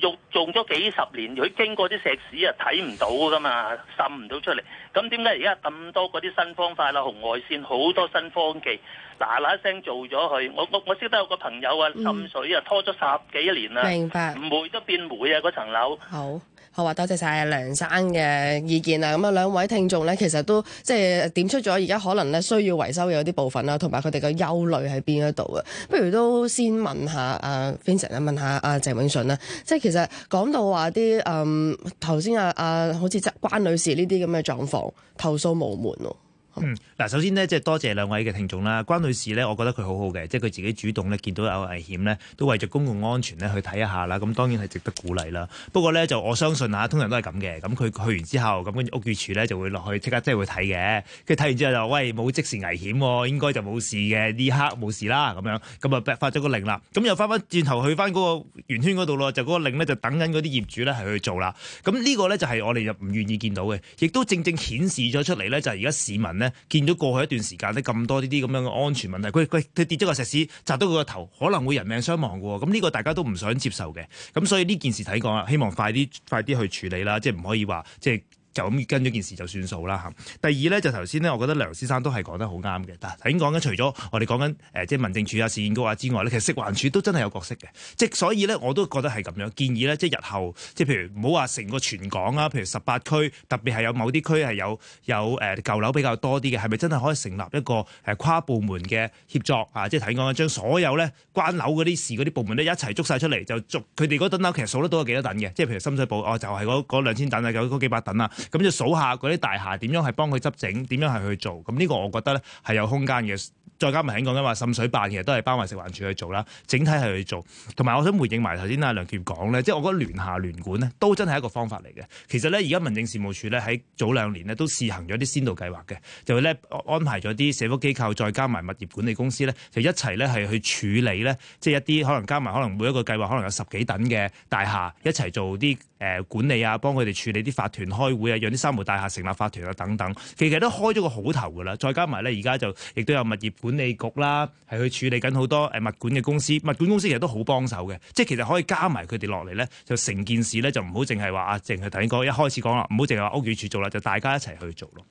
用用咗幾十年，佢經過啲石屎啊，睇唔到噶嘛，滲唔到出嚟。咁點解而家咁多嗰啲新方法啦，紅外線好多新科技，嗱嗱聲做咗佢。我我我識得有個朋友啊，滲水啊拖咗十幾年啦。明白，都變霉啊，嗰層樓。好。好啊！多謝晒梁生嘅意見啊！咁啊，兩位聽眾咧，其實都即係點出咗而家可能咧需要維修嘅有啲部分啦，同埋佢哋嘅憂慮喺邊一度啊！不如都先問下阿 Vincent 啊，問下阿鄭泳舜咧，即係其實講到話啲嗯頭先啊啊，好似關女士呢啲咁嘅狀況，投訴無門喎。嗱、嗯，首先呢，即係多謝兩位嘅聽眾啦。關女士呢，我覺得佢好好嘅，即係佢自己主動咧，見到有危險呢，都為咗公共安全呢去睇一下啦。咁當然係值得鼓勵啦。不過呢，就我相信啊，通常都係咁嘅。咁佢去完之後，咁跟住屋宇署呢就會落去，即刻即係會睇嘅。跟住睇完之後就話喂，冇即時危險、啊，應該就冇事嘅，呢刻冇事啦。咁樣，咁啊發咗個令啦。咁又返返轉頭去返嗰個圓圈嗰度咯，就嗰個令呢，就等緊嗰啲業主呢係去做啦。咁呢個呢，就係、是、我哋又唔願意見到嘅，亦都正正顯示咗出嚟呢，就係而家市民見到過去一段時間咧，咁多呢啲咁樣嘅安全問題，佢佢佢跌咗個石屎砸到佢個頭，可能會人命傷亡嘅喎。咁、這、呢個大家都唔想接受嘅。咁所以呢件事睇講啊，希望快啲快啲去處理啦，即係唔可以話即係。就是就咁跟咗件事就算數啦嚇。第二咧就頭先咧，我覺得梁先生都係講得好啱嘅。但係頭先講緊，除咗我哋講緊誒即係民政處啊、市建局啊之外咧，其實食環處都真係有角色嘅。即係所以咧，我都覺得係咁樣建議咧，即係日後即係譬如唔好話成個全港啊，譬如十八區，特別係有某啲區係有有誒舊樓比較多啲嘅，係咪真係可以成立一個誒跨部門嘅協作啊？即係睇講將所有咧關樓嗰啲事嗰啲部門咧一齊捉晒出嚟，就捉佢哋嗰等樓其實數得到有幾多等嘅。即係譬如深水埗哦，就係嗰兩千等啊，嗰嗰幾百等啊。咁就數下嗰啲大廈點樣係幫佢執整，點樣係去做。咁呢個我覺得呢係有空間嘅。再加埋喺講嘅話，滲水辦其實都係包埋食環署去做啦，整體係去做。同埋我想回應埋頭先，阿梁傑講咧，即係我覺得聯廈聯管呢都真係一個方法嚟嘅。其實咧，而家民政事務處咧喺早兩年咧都試行咗啲先導計劃嘅，就係咧安排咗啲社福機構，再加埋物業管理公司咧，就一齊咧係去處理咧，即係一啲可能加埋可能每一個計劃可能有十幾棟嘅大廈，一齊做啲誒管理啊，幫佢哋處理啲法團開會啊，讓啲三無大廈成立法團啊等等。其實都開咗個好頭㗎啦。再加埋咧，而家就亦都有物業。管理局啦，係去處理緊好多誒物管嘅公司，物管公司其實都好幫手嘅，即係其實可以加埋佢哋落嚟咧，就成件事咧就唔好淨係話啊，淨係頭先講一開始講啦，唔好淨係話屋宇署做啦，就大家一齊去做咯。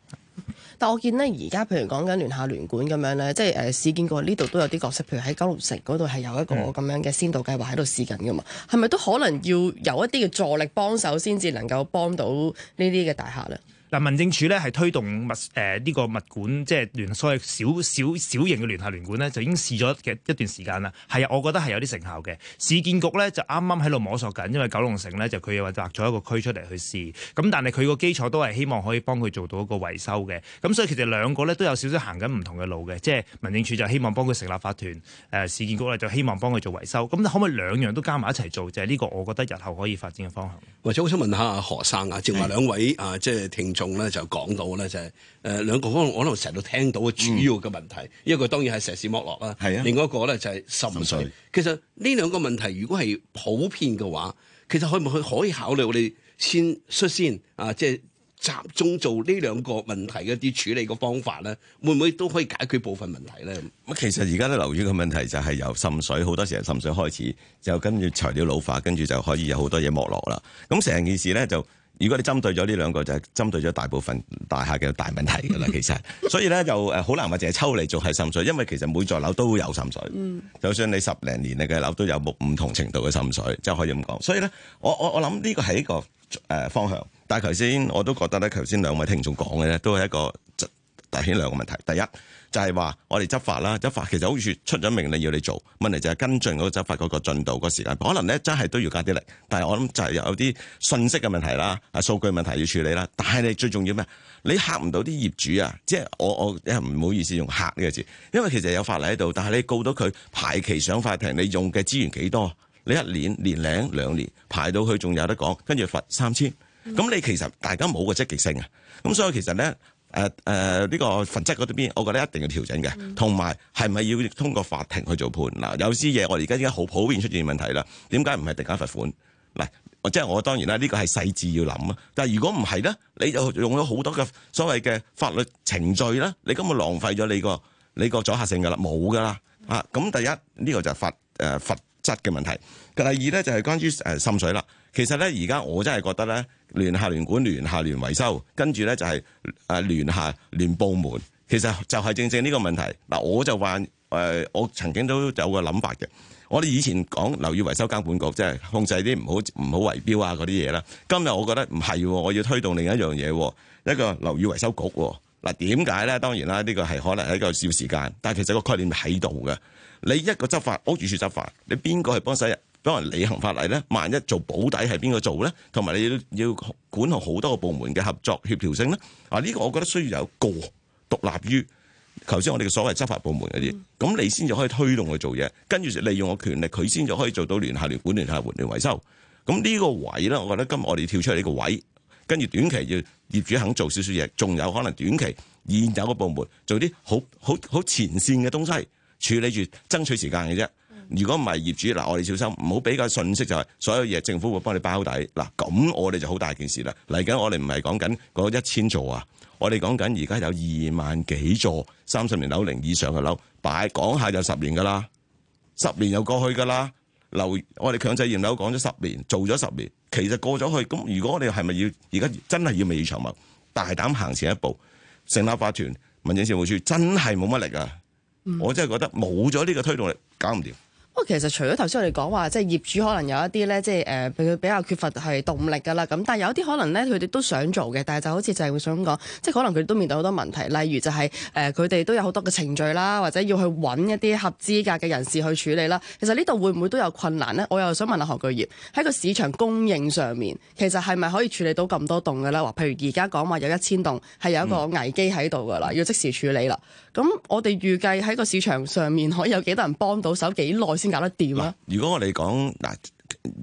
但我見呢，而家譬如講緊聯廈聯管咁樣咧，即係誒市建局呢度都有啲角色，譬如喺九龍城嗰度係有一個咁樣嘅先導計劃喺度試緊噶嘛，係咪的都可能要有一啲嘅助力幫手先至能夠幫到呢啲嘅大廈咧？嗱，但民政署咧係推動物誒呢、呃這個物管，即係聯所係小小小型嘅聯合聯管咧，就已經試咗一段時間啦。係，我覺得係有啲成效嘅。市建局咧就啱啱喺度摸索緊，因為九龍城呢，就佢又劃咗一個區出嚟去試。咁但係佢個基礎都係希望可以幫佢做到一個維修嘅。咁所以其實兩個咧都有少少行緊唔同嘅路嘅，即係民政署就希望幫佢成立法團，誒、呃、市建局咧就希望幫佢做維修。咁你可唔可以兩樣都加埋一齊做？就係、是、呢個，我覺得日後可以發展嘅方向。或者我想問下何生啊，正話兩位啊是，即係、uh, 聽咧就講到咧就係、是、誒、呃、兩個可能可能成日都常常聽到嘅主要嘅問題，嗯、一個當然係石屎剝落啦，啊、另一個咧就係滲水。水其實呢兩個問題如果係普遍嘅話，其實可唔可可以考慮我哋先率先啊，即係集中做呢兩個問題嘅一啲處理嘅方法咧，會唔會都可以解決部分問題咧？咁其實而家咧留意嘅問題就係由滲水，好多時候滲水開始，就跟住材料老化，跟住就可以有好多嘢剝落啦。咁成件事咧就。如果你針對咗呢兩個就係、是、針對咗大部分大廈嘅大問題嘅啦，其實 所以咧就誒好難話淨係抽離仲係滲水，因為其實每座樓都有滲水，嗯、就算你十零年嘅樓都有冇唔同程度嘅滲水，即係可以咁講。所以咧，我我我諗呢個係一個誒方向，但係頭先我都覺得咧，頭先兩位聽眾講嘅咧都係一個第一兩個問題，第一。就係話我哋執法啦，執法其實好似出咗命令要你做。問題就係跟進嗰個執法嗰個進度、個時間，可能咧真係都要加啲力。但係我諗就係有啲信息嘅問題啦，啊數據問題要處理啦。但係你最重要咩？你嚇唔到啲業主啊！即係我我唔好意思用嚇呢個字，因為其實有法例喺度，但係你告到佢排期上法庭，你用嘅資源幾多？你一年年零兩年排到佢仲有得講，跟住罰三千，咁、嗯、你其實大家冇個積極性啊！咁所以其實咧。誒誒呢個罰則嗰啲邊，我覺得一定要調整嘅，同埋係咪要通過法庭去做判嗱、呃？有啲嘢我哋而家已經好普遍出現問題啦，點解唔係定下罰款嗱？即係我當然啦，呢、呢個係細節要諗啊！但係如果唔係咧，你就用咗好多嘅所謂嘅法律程序啦，你根本浪費咗你個你個阻嚇性噶啦，冇噶啦嚇！咁、啊、第一呢、呢個就係罰誒罰則嘅問題，第二咧就係、是、關於誒滲水啦。其實咧，而家我真係覺得咧，聯下聯管、聯下聯維修，跟住咧就係誒聯下聯部門。其實就係正正呢個問題。嗱，我就話誒，我曾經都有個諗法嘅。我哋以前講樓宇維修監管局，即係控制啲唔好唔好圍標啊嗰啲嘢啦。今日我覺得唔係，我要推動另一樣嘢，一個樓宇維修局。嗱，點解咧？當然啦，呢個係可能係一個小時間，但係其實個概念喺度嘅。你一個執法，屋住處執法，你邊個係幫手？當人履行法例咧，萬一做保底係邊個做咧？同埋你要管好好多個部門嘅合作協調性咧。啊，呢個我覺得需要有個獨立於頭先我哋嘅所謂執法部門嗰啲，咁你先至可以推動佢做嘢，跟住利用我權力，佢先至可以做到聯廈聯管、聯廈作、聯維修。咁呢個位咧，我覺得今日我哋跳出呢個位，跟住短期要業主肯做少少嘢，仲有可能短期現有個部門做啲好好好前線嘅東西，處理住爭取時間嘅啫。如果唔係業主嗱，我哋小心唔好俾個信息就係所有嘢政府會幫你包底嗱，咁我哋就好大件事啦。嚟緊我哋唔係講緊嗰一千座啊，我哋講緊而家有二萬幾座三十年樓齡以上嘅樓，擺講下就十年噶啦，十年又過去噶啦。樓我哋強制驗樓講咗十年，做咗十年，其實過咗去咁，如果我哋係咪要而家真係要未雨綢繆，大膽行前一步，成立法團，民政事務處真係冇乜力啊！嗯、我真係覺得冇咗呢個推動力，搞唔掂。不過其實除咗頭先我哋講話，即係業主可能有一啲咧，即係誒、呃、比較缺乏係動力噶啦。咁但係有啲可能咧，佢哋都想做嘅，但係就好似就係想講，即係可能佢哋都面對好多問題，例如就係誒佢哋都有好多嘅程序啦，或者要去揾一啲合資格嘅人士去處理啦。其實呢度會唔會都有困難咧？我又想問下何鉅業，喺個市場供應上面，其實係咪可以處理到咁多棟嘅咧？話譬如而家講話有一千棟係有一個危機喺度噶啦，嗯、要即時處理啦。咁我哋預計喺個市場上面可以有幾多人幫到手，幾耐先搞得掂啊？如果我哋講嗱，誒、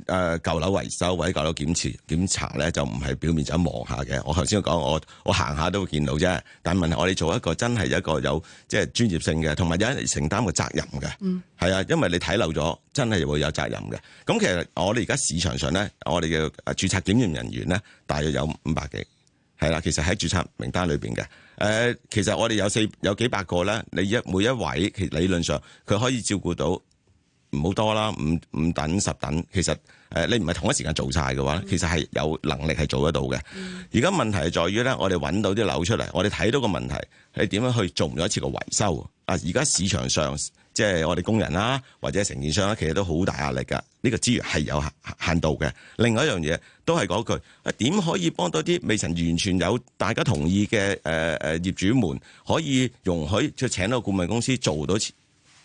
呃、舊樓維修或者舊樓檢視檢查咧，就唔係表面就一望下嘅。我頭先講我我行下都會見到啫。但問題我哋做一個真係一個有即係專業性嘅，同埋有人嚟承擔個責任嘅。嗯，係啊，因為你睇漏咗，真係會有責任嘅。咁其實我哋而家市場上咧，我哋嘅註冊檢驗人員咧，大約有五百幾。係啦，其實喺註冊名單裏邊嘅，誒、呃，其實我哋有四有幾百個咧，你一每一位，其實理論上佢可以照顧到，唔好多啦，五五等十等，其實誒、呃，你唔係同一時間做晒嘅話，其實係有能力係做得到嘅。而家、嗯、問題係在於咧，我哋揾到啲樓出嚟，我哋睇到個問題，你點樣去做唔到一次個維修啊？而家市場上。即係我哋工人啦，或者承建商啦，其實都好大壓力㗎。呢個資源係有限度嘅。另外一樣嘢都係嗰句，點可以幫到啲未曾完全有大家同意嘅誒誒業主們可以容許佢請到顧問公司做到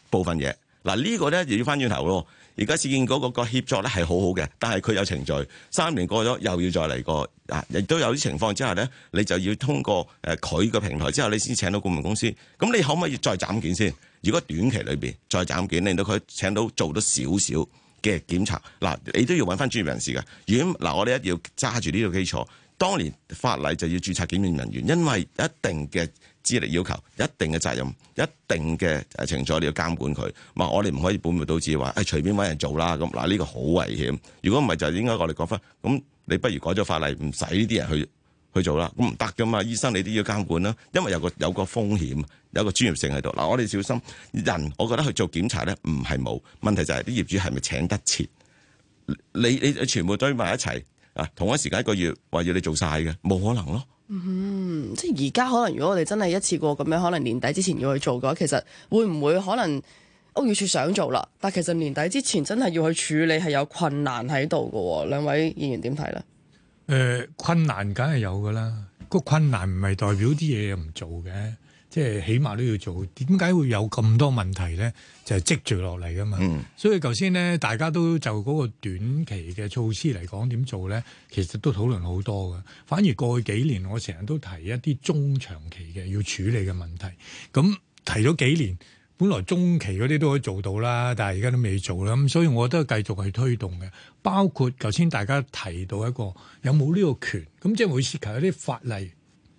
部分嘢？嗱，呢個呢就要翻轉頭咯。而家試驗嗰個個協助咧係好好嘅，但係佢有程序，三年過咗又要再嚟過啊！亦都有啲情況之下呢，你就要通過誒佢個平台之後，你先請到顧問公司。咁你可唔可以再斬件先？如果短期裏邊再斬件，令到佢請到做多少少嘅檢查，嗱，你都要揾翻專業人士嘅。如果嗱，我哋一定要揸住呢個基礎，當年法例就要註冊檢驗人員，因為一定嘅資歷要求、一定嘅責任、一定嘅誒程序，你要監管佢。唔我哋唔可以本末倒置，話、哎、誒隨便揾人做啦。咁嗱，呢、這個好危險。如果唔係，就應該我哋講翻，咁你不如改咗法例，唔使呢啲人去。去做啦，咁唔得噶嘛，醫生你都要監管啦，因為有個有個風險，有一個專業性喺度。嗱，我哋小心人，我覺得去做檢查咧，唔係冇問題，就係，就係啲業主係咪請得切？你你，你全部堆埋一齊啊，同一時間一個月話要你做晒嘅，冇可能咯。嗯、即係而家可能如果我哋真係一次過咁樣，可能年底之前要去做嘅話，其實會唔會可能屋宇處想做啦？但其實年底之前真係要去處理，係有困難喺度噶。兩位議員點睇咧？誒、呃、困難梗係有噶啦，個困難唔係代表啲嘢唔做嘅，即係起碼都要做。點解會有咁多問題咧？就係、係、積聚落嚟噶嘛。嗯、所以頭先咧，大家都就嗰個短期嘅措施嚟講點做咧，其實都討論好多嘅。反而過去幾年，我成日都提一啲中長期嘅要處理嘅問題，咁提咗幾年。本來中期嗰啲都可以做到啦，但係而家都未做啦，咁所以我都係繼續去推動嘅。包括頭先大家提到一個有冇呢個權，咁即係會涉及一啲法例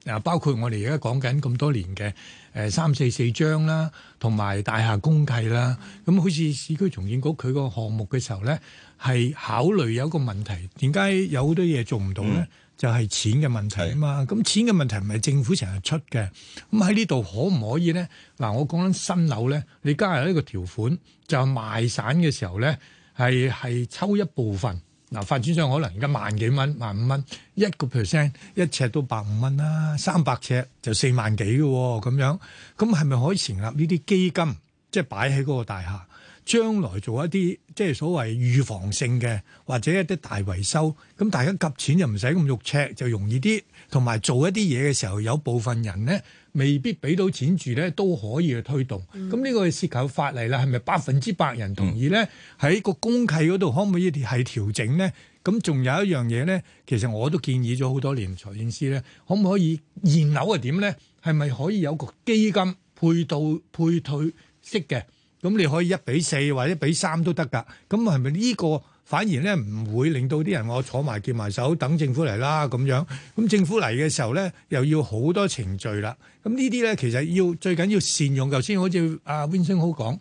啊，包括我哋而家講緊咁多年嘅誒三四四章啦，同埋大廈公契啦。咁好似市區重建局佢個項目嘅時候咧，係考慮有一個問題，點解有好多嘢做唔到咧？嗯就係錢嘅問題啊嘛，咁錢嘅問題唔係政府成日出嘅，咁喺呢度可唔可以咧？嗱，我講緊新樓咧，你加入呢個條款，就賣散嘅時候咧，係係抽一部分。嗱，發展商可能而家萬幾蚊、萬五蚊一個 percent，一尺都百五蚊啦，三百尺就四萬幾嘅喎，咁樣，咁係咪可以成立呢啲基金，即係擺喺嗰個大廈？將來做一啲即係所謂預防性嘅，或者一啲大維修，咁大家夾錢又唔使咁肉赤，就容易啲。同埋做一啲嘢嘅時候，有部分人咧未必俾到錢住咧，都可以去推動。咁呢、嗯、個涉及法例啦，係咪百分之百人同意咧？喺、嗯、個公契嗰度可唔可以係調整咧？咁仲有一樣嘢咧，其實我都建議咗好多年，財政司咧，可唔可以現樓係點咧，係咪可以有個基金配到配套息嘅？咁你可以一比四或者比三都得噶，咁係咪呢個反而咧唔會令到啲人我坐埋結埋手等政府嚟啦咁樣？咁政府嚟嘅時候咧又要好多程序啦。咁呢啲咧其實要最緊要善用，頭先好似阿 Vincent 好講，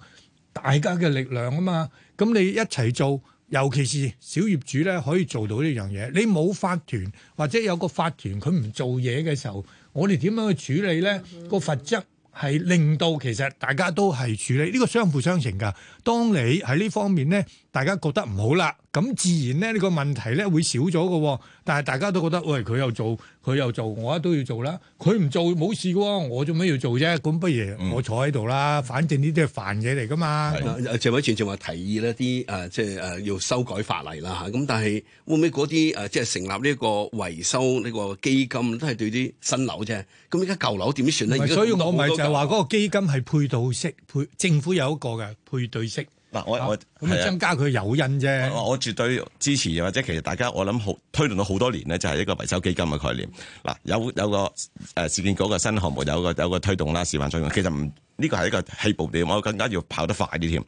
大家嘅力量啊嘛。咁你一齊做，尤其是小業主咧可以做到呢樣嘢。你冇法團或者有個法團佢唔做嘢嘅時候，我哋點樣去處理咧？個罰則。係令到其實大家都係處理呢個相輔相成㗎。當你喺呢方面咧，大家覺得唔好啦，咁自然咧呢個問題咧會少咗嘅。但係大家都覺得，喂，佢又做，佢又做，我都要做啦。佢唔做冇事喎，我做咩要做啫？咁不如我坐喺度啦，嗯、反正呢啲係煩嘢嚟噶嘛。謝偉銓仲話提議一啲誒，即係誒要修改法例啦嚇。咁但係會唔會嗰啲誒即係成立呢個維修呢個基金，都係對啲新樓啫。咁依家舊樓點算咧？所以，我唔係就係話嗰個基金係配套式，配政府有一個嘅配對式。嗱、啊，我我咁、嗯是啊、增加佢誘因啫。我我絕對支持，或者其實大家我諗好推動咗好多年咧，就係一個維修基金嘅概念。嗱，有有個誒、呃、事件，局嘅新項目有，有個有個推動啦，示範作用。其實唔呢個係一個起步點，我更加要跑得快啲添。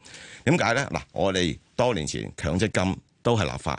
點解咧？嗱，我哋多年前強積金都係立法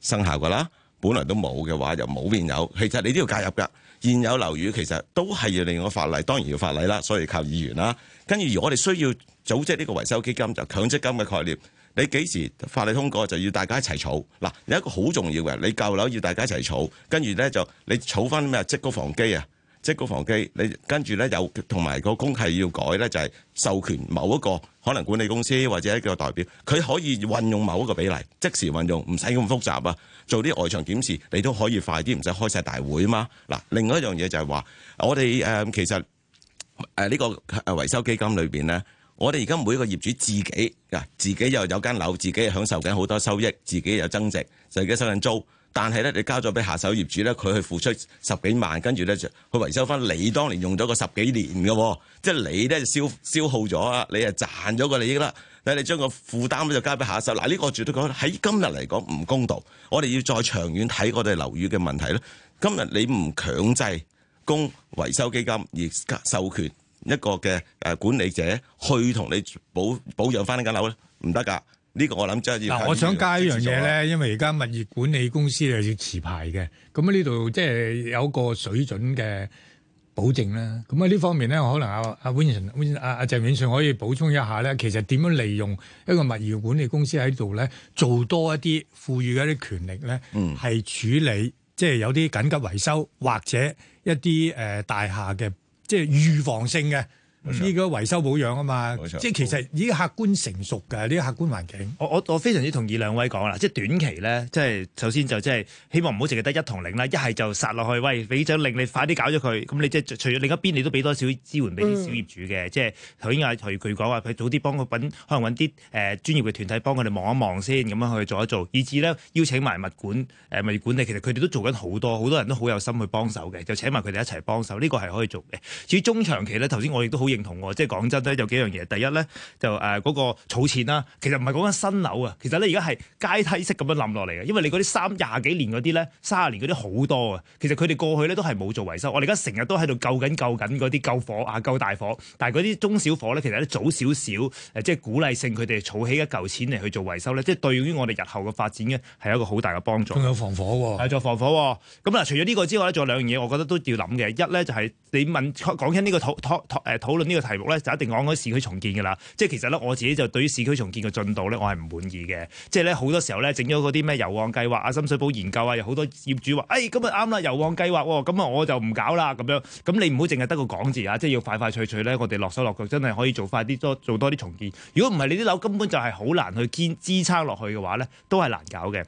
生效㗎啦，本來都冇嘅話，又冇變有，有。其實你都要介入㗎。現有樓宇其實都係要利用法例，當然要法例啦，所以靠議員啦。跟住我哋需要。組織呢個維修基金就強積金嘅概念，你幾時法例通過就要大家一齊儲。嗱，有一個好重要嘅，你舊樓要大家一齊儲，跟住咧就你儲翻咩啊？積穀防饑啊，積穀防饑，你跟住咧有同埋個公契要改咧，就係授權某一個可能管理公司或者一個代表，佢可以運用某一個比例，即時運用，唔使咁複雜啊！做啲外牆檢視，你都可以快啲，唔使開曬大會嘛。嗱，另外一樣嘢就係話，我哋誒其實誒呢個維修基金裏邊咧。我哋而家每一個業主自己㗎，自己又有間樓，自己享受緊好多收益，自己有增值，自己收緊租。但係咧，你交咗俾下手業主咧，佢去付出十幾萬，跟住咧就去維修翻你當年用咗個十幾年嘅、哦，即係你咧消消耗咗啊，你係賺咗個利益啦。你你將個負擔咧就交俾下手。嗱，呢個我絕對講喺今日嚟講唔公道。我哋要再長遠睇我哋樓宇嘅問題咧。今日你唔強制供維修基金而授權。一個嘅誒管理者去同你保保養翻呢間樓咧，唔得㗎。呢、呢個我諗真係要。Gym. 我想加一樣嘢咧，因為而家物業管理公司係要持牌嘅，咁啊呢度即係有一個水準嘅保證啦。咁啊呢方面咧，可能阿阿 William、阿阿鄭泳舜可以補充一下咧。其實點樣利用一個物業管理公司喺度咧，做多一啲賦予一啲權力咧，係、嗯、處理即係有啲緊急維修或者一啲誒大廈嘅。即係預防性嘅。呢、嗯、個維修保養啊嘛，冇錯即係其實已經客觀成熟㗎，呢個、嗯、客觀環境。我我我非常之同意兩位講啦，即係短期咧，即係首先就即係希望唔好淨係得一同令啦，一係就殺落去，喂，俾張令你快啲搞咗佢，咁你即係除咗另一邊，你都俾多少支援俾啲小業主嘅，嗯、即係頭先阿徐佢講話，佢早啲幫佢揾，可能揾啲誒專業嘅團體幫佢哋望一望先，咁樣去做一做，以至呢，邀請埋物管誒物業管理，其實佢哋都做緊好多，好多人都好有心去幫手嘅，就請埋佢哋一齊幫手，呢、這個係可以做嘅。至於中長期咧，頭先我亦都好。認同喎，即係講真咧，有幾樣嘢。第一咧，就誒嗰、呃嗰個儲錢啦。其實唔係講緊新樓啊，其實咧而家係階梯式咁樣冧落嚟嘅。因為你嗰啲三廿幾年嗰啲咧，三廿年嗰啲好多啊。其實佢哋過去咧都係冇做維修，我哋而家成日都喺度救緊救緊嗰啲救火啊，救大火。但係嗰啲中小火咧，其實咧早少少誒，即係鼓勵性佢哋儲起一嚿錢嚟去做維修咧，即係對於我哋日後嘅發展咧係一個好大嘅幫助。仲有防火喎、啊，係做防火喎、啊。咁嗱，除咗呢個之外咧，仲有兩樣嘢，我覺得都要諗嘅。一咧就係、是、你問講緊呢個土。討誒無論呢個題目咧，就一定講開市區重建噶啦，即係其實咧，我自己就對於市區重建嘅進度咧，我係唔滿意嘅。即係咧，好多時候咧，整咗嗰啲咩油旺計劃啊、深水埗研究啊，有好多業主話，哎，咁啊啱啦，油旺計劃，咁啊我就唔搞啦，咁樣。咁你唔好淨係得個講字啊，即係要快快脆脆咧，我哋落手落腳真係可以做快啲，多做多啲重建。如果唔係，你啲樓根本就係好難去堅支撐落去嘅話咧，都係難搞嘅。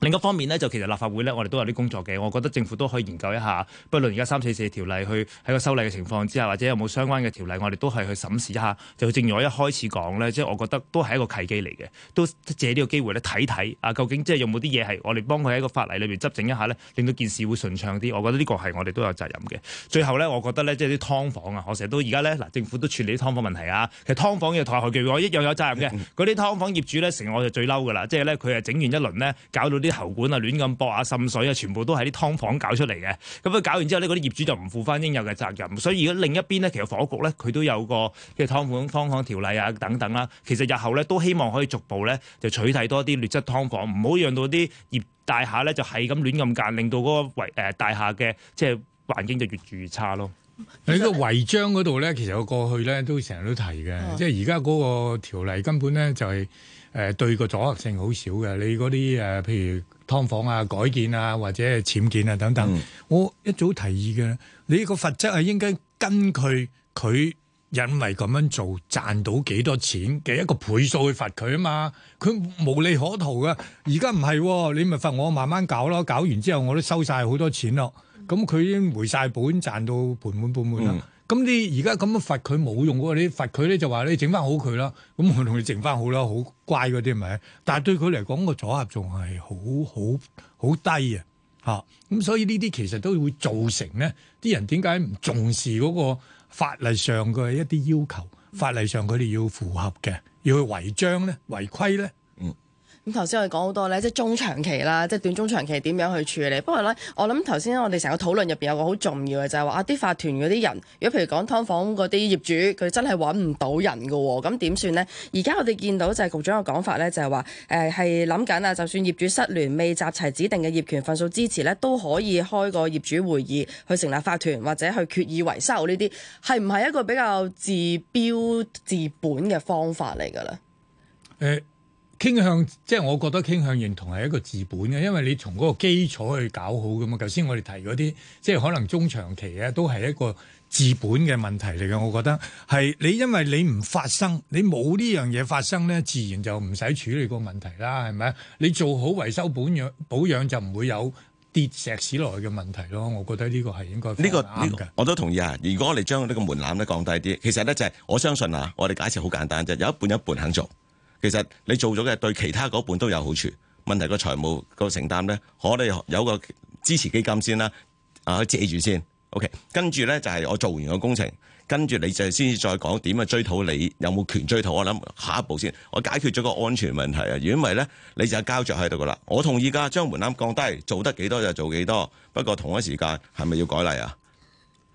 另一方面呢，就其實立法會呢，我哋都有啲工作嘅。我覺得政府都可以研究一下，不論而家三四四條例，去喺個修例嘅情況之下，或者有冇相關嘅條例，我哋都係去審視一下。就正如我一開始講呢，即係我覺得都係一個契機嚟嘅，都借呢個機會呢，睇睇啊，究竟即係有冇啲嘢係我哋幫佢喺個法例裏面執整一下呢，令到件事會順暢啲。我覺得呢個係我哋都有責任嘅。最後呢，我覺得呢，即係啲劏房啊，我成日都而家呢，嗱，政府都處理劏房問題啊。其實劏房嘅台海其我一樣有責任嘅。嗰啲劏房業主呢，成日我就最嬲㗎啦，即係呢佢係整完一輪呢，搞到啲啲喉管啊，亂咁駁啊，滲水啊，全部都係啲劏房搞出嚟嘅。咁佢搞完之後呢，嗰啲業主就唔負返應有嘅責任。所以而家另一邊呢，其實房屋局咧，佢都有個嘅劏房劏房條例啊等等啦。其實日後咧，都希望可以逐步咧，就取締多啲劣質劏房，唔好讓到啲業大廈咧，就係咁亂咁間，令到嗰個違大廈嘅即係環境就越住越差咯。喺個違章嗰度咧，其實我過去咧都成日都提嘅，哦、即係而家嗰個條例根本咧就係、是。誒、呃、對個阻嚇性好少嘅，你嗰啲誒譬如劏房啊、改建啊或者僭建啊等等，嗯、我一早提議嘅，你個罰則係應該根據佢因為咁樣做賺到幾多錢嘅一個倍數去罰佢啊嘛，佢無利可圖嘅，而家唔係，你咪罰我慢慢搞咯，搞完之後我都收晒好多錢咯，咁佢已經回晒本賺到盆滿缽滿啦。嗯咁你而家咁樣罰佢冇用喎，你罰佢咧就話你整翻好佢啦，咁我同你整翻好啦，好乖嗰啲咪？但係對佢嚟講個阻嚇仲係好好好低啊！吓，咁所以呢啲其實都會造成咧，啲人點解唔重視嗰個法例上嘅一啲要求？法例上佢哋要符合嘅，要去違章咧、違規咧，嗯。咁頭先我哋講好多咧，即係中長期啦，即係短中長期點樣去處理？不過咧，我諗頭先我哋成個討論入邊有個好重要嘅就係話啊，啲法團嗰啲人，如果譬如講劏房嗰啲業主，佢真係揾唔到人㗎喎，哦，咁點算呢？而家我哋見到就係局長嘅講法咧，就係話誒係諗緊啊，就算業主失聯未集齊指定嘅業權份數支持咧，都可以開個業主會議去成立法團或者去決議維修呢啲，係唔係一個比較治標治本嘅方法嚟㗎喇？誒。欸傾向即係，我覺得傾向認同係一個治本嘅，因為你從嗰個基礎去搞好㗎嘛。頭先我哋提嗰啲，即係可能中長期啊，都係一個治本嘅問題嚟嘅。我覺得係你，因為你唔發生，你冇呢樣嘢發生咧，自然就唔使處理個問題啦，係咪啊？你做好維修保養，保養就唔會有跌石屎落去嘅問題咯。我覺得呢個係應該呢、呢個啱嘅、呢個，我都同意啊。如果我哋將呢個門檻咧降低啲，其實咧就係、係、我相信啊，我哋解釋好簡單就有一半有一半肯做。其實你做咗嘅，對其他嗰半都有好處，問題個財務個承擔咧，可以有個支持基金先啦，啊借住先，OK，跟住咧就係我做完個工程，跟住你就先至再講點樣追討，你有冇權追討？我諗下一步先，我解決咗個安全問題啊，如果唔係咧你就交着喺度噶啦我同意家將門檻降低，做得幾多就做幾多，不過同一時間係咪要改例啊？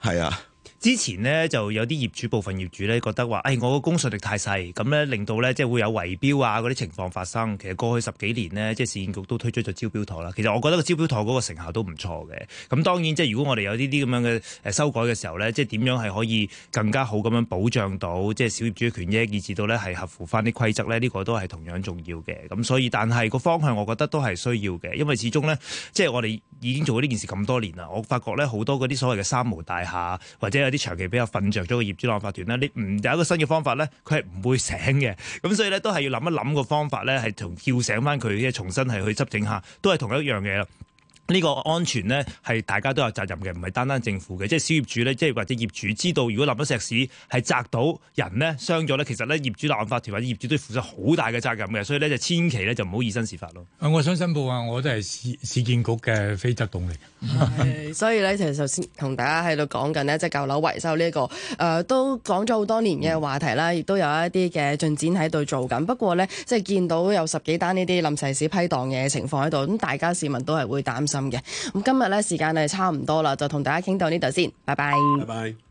係啊。之前呢，就有啲業主，部分業主呢覺得話，誒、哎，我個公信力太細，咁呢令到呢，即係會有圍標啊嗰啲情況發生。其實過去十幾年呢，即係市建局都推出咗招標妥啦。其實我覺得個招標妥嗰個成效都唔錯嘅。咁當然即係如果我哋有呢啲咁樣嘅誒修改嘅時候呢，即係點樣係可以更加好咁樣保障到即係小業主嘅權益，以至到呢係合乎翻啲規則呢？呢、這個都係同樣重要嘅。咁所以，但係個方向我覺得都係需要嘅，因為始終呢，即係我哋已經做咗呢件事咁多年啦。我發覺呢，好多嗰啲所謂嘅三無大廈或者。啲長期比較瞓着咗嘅業主攪法團啦，你唔有一個新嘅方法咧，佢係唔會醒嘅。咁所以咧，都係要諗一諗個方法咧，係同叫醒翻佢，即係重新係去執整下，都係同一樣嘢啦。呢個安全呢，係大家都有責任嘅，唔係單單政府嘅，即係小業主呢，即係或者業主知道，如果冧咗石屎係砸到人呢，傷咗呢，其實呢，業主立案法團或者業主都要負上好大嘅責任嘅，所以呢，千就千祈呢，就唔好以身試法咯。我想申報啊，我都係市市建局嘅非執董嚟。是 所以呢，其實首先同大家喺度講緊呢，即係舊樓維修呢一個、呃、都講咗好多年嘅話題啦，亦都有一啲嘅進展喺度做緊。不過呢，即、就、係、是、見到有十幾單呢啲冧石屎批檔嘅情況喺度，咁大家市民都係會擔心。咁今日咧時間係差唔多啦，就同大家傾到呢度先，拜拜。拜拜。